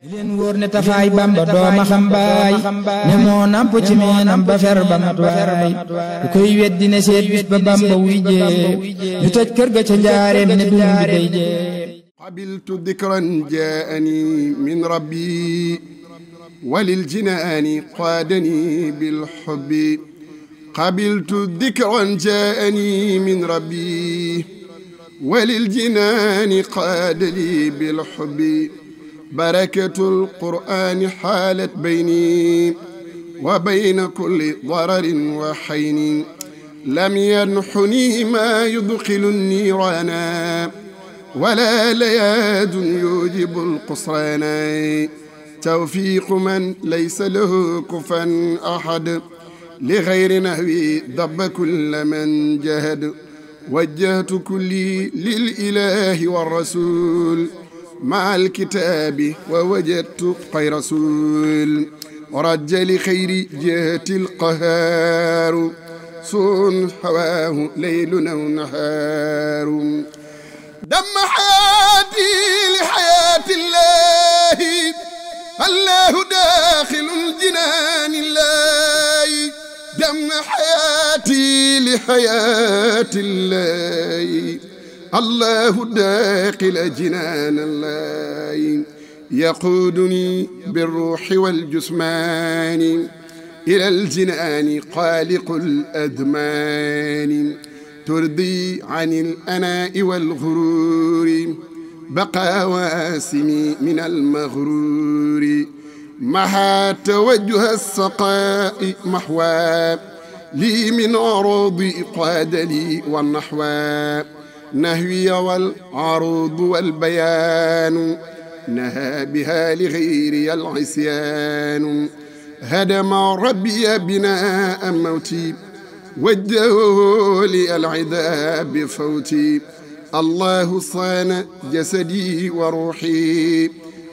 di leen wóor ne tafaay bamba dooma xam baay ne moo namp ci meenam ba fer ba mat waay ku koy weddi ne seet bis ba bamba wuy jéem ñu tëj kër ga ca njaareem ne dund day jéem qabiltu dikran jaani min rabbi walil jinaani qaadani bil hubbi qabiltu dikran jaani min rabbi walil jinaani qaadani bil hubbi barakatul qur'aani xaalat bayni wa bayna kulli dararin wa xayni lam yanxuni maa yudxilu niiraana wala layaadun yujibu alqusraana tawfiiqu man laysa lahu kufan ahad li gayri nahwi daba kulla man jahad wajjahtu kulli lil ilaahi wa rasuul مع الكتاب ووجدت خير رسول ورج لخير جهة القهار صون هواه ليل أو نهار دم حياتي لحياة الله الله داخل جنان الله دم حياتي لحياة الله الله داخل جنان الله يقودني بالروح والجسمان إلى الجنان خالق الأدمان ترضي عن الأناء والغرور بقى واسمي من المغرور محى توجه السقاء محوى لي من عروض قاد لي والنحوى نهوي والعروض والبيان نهى بها لغيري العصيان هدم ربي بناء موتي وجهه لي العذاب بفوتي الله صان جسدي وروحي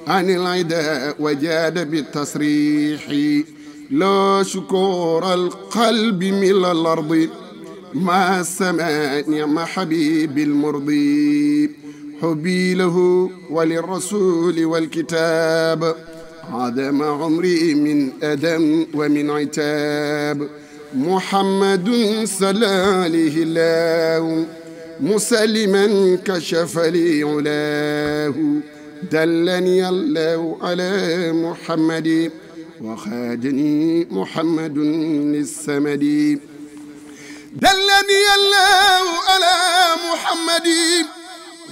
عن العداء وجاد بالتصريح لا شكور القلب من الأرض مع السماء نعم حبيب المرضي حبي له وللرسول والكتاب عدم عمري من أدم ومن عتاب محمد صلى عليه الله مسلما كشف لي علاه دلني الله على محمد وخادني محمد للسمد dallani allahu ala muhammadi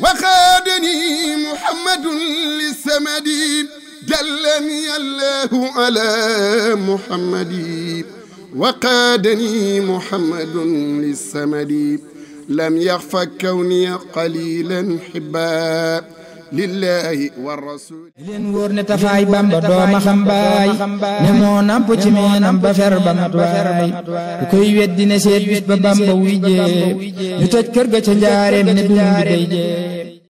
wa xaadani muhammadun lissamadi dallani allahu ala muhammadi wa qaadani muhammadun lissamadi lam yaxfa kawni qalilan xibaa lillahi wa rasul leen wóor ne tafaay bamba dooma xam ne moo namp ci meenam ba fer ba mat waay ku koy weddi ne seet bis ba bamba wuy jee ñu toj kër ga ca njaareem ne dund day jee